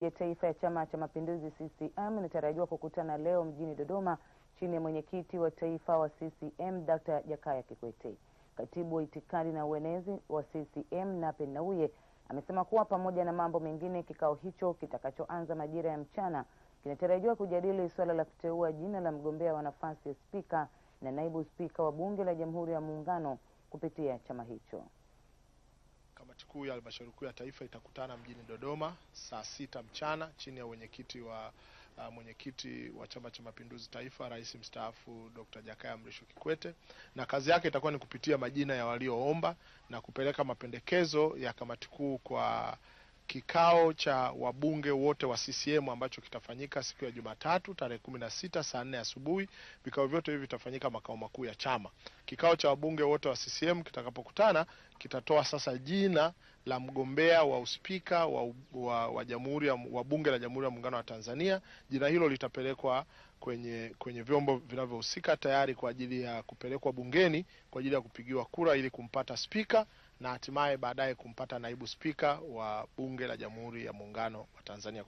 ya taifa ya Chama cha Mapinduzi CCM inatarajiwa kukutana leo mjini Dodoma chini ya mwenyekiti wa taifa wa CCM Dr. Jakaya Kikwete. Katibu wa itikadi na uenezi wa CCM Nape Nnauye amesema kuwa pamoja na mambo mengine, kikao hicho kitakachoanza majira ya mchana kinatarajiwa kujadili suala la kuteua jina la mgombea wa nafasi ya spika na naibu spika wa bunge la Jamhuri ya Muungano kupitia chama hicho. Kamati kuu ya halmashauri kuu ya taifa itakutana mjini Dodoma saa sita mchana chini ya wenyekiti wa uh, mwenyekiti wa Chama cha Mapinduzi Taifa, rais mstaafu Dr. Jakaya Mrisho Kikwete, na kazi yake itakuwa ni kupitia majina ya walioomba na kupeleka mapendekezo ya kamati kuu kwa kikao cha wabunge wote wa CCM ambacho kitafanyika siku ya Jumatatu tarehe kumi na sita saa nne asubuhi. Vikao vyote hivi vitafanyika makao makuu ya chama. Kikao cha wabunge wote wa CCM kitakapokutana kitatoa sasa jina la mgombea wa uspika wa, wa, wa, jamhuri wa bunge la Jamhuri ya Muungano wa Tanzania. Jina hilo litapelekwa kwenye kwenye vyombo vinavyohusika tayari kwa ajili ya kupelekwa bungeni kwa ajili ya kupigiwa kura ili kumpata spika na hatimaye baadaye kumpata naibu spika wa bunge la Jamhuri ya Muungano wa Tanzania.